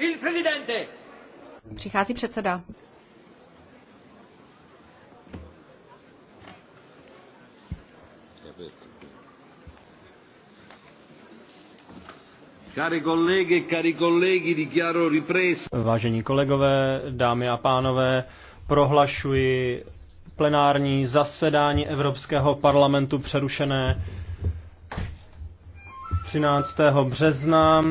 Il presidente. Přichází předseda. E Vážení kolegové, dámy a pánové, prohlašuji plenární zasedání Evropského parlamentu přerušené 13. března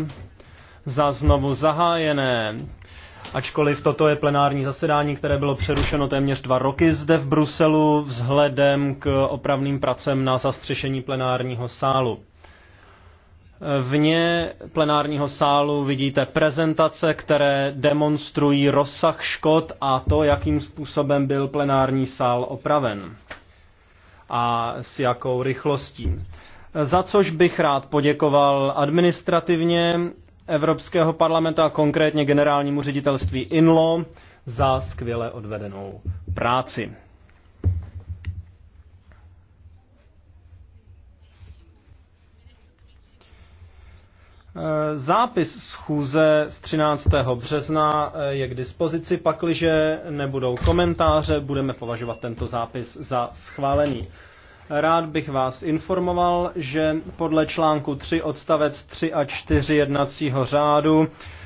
za znovu zahájené. Ačkoliv toto je plenární zasedání, které bylo přerušeno téměř dva roky zde v Bruselu vzhledem k opravným pracem na zastřešení plenárního sálu. Vně plenárního sálu vidíte prezentace, které demonstrují rozsah škod a to, jakým způsobem byl plenární sál opraven a s jakou rychlostí. Za což bych rád poděkoval administrativně Evropského parlamentu a konkrétně generálnímu ředitelství INLO za skvěle odvedenou práci. Eh, zápis schůze z 13. března eh, je k dispozici, pakliže nebudou komentáře, budeme považovat tento zápis za schválený. Rád bych vás informoval, že podle článku 3 odstavec 3 a 4 jednacího řádu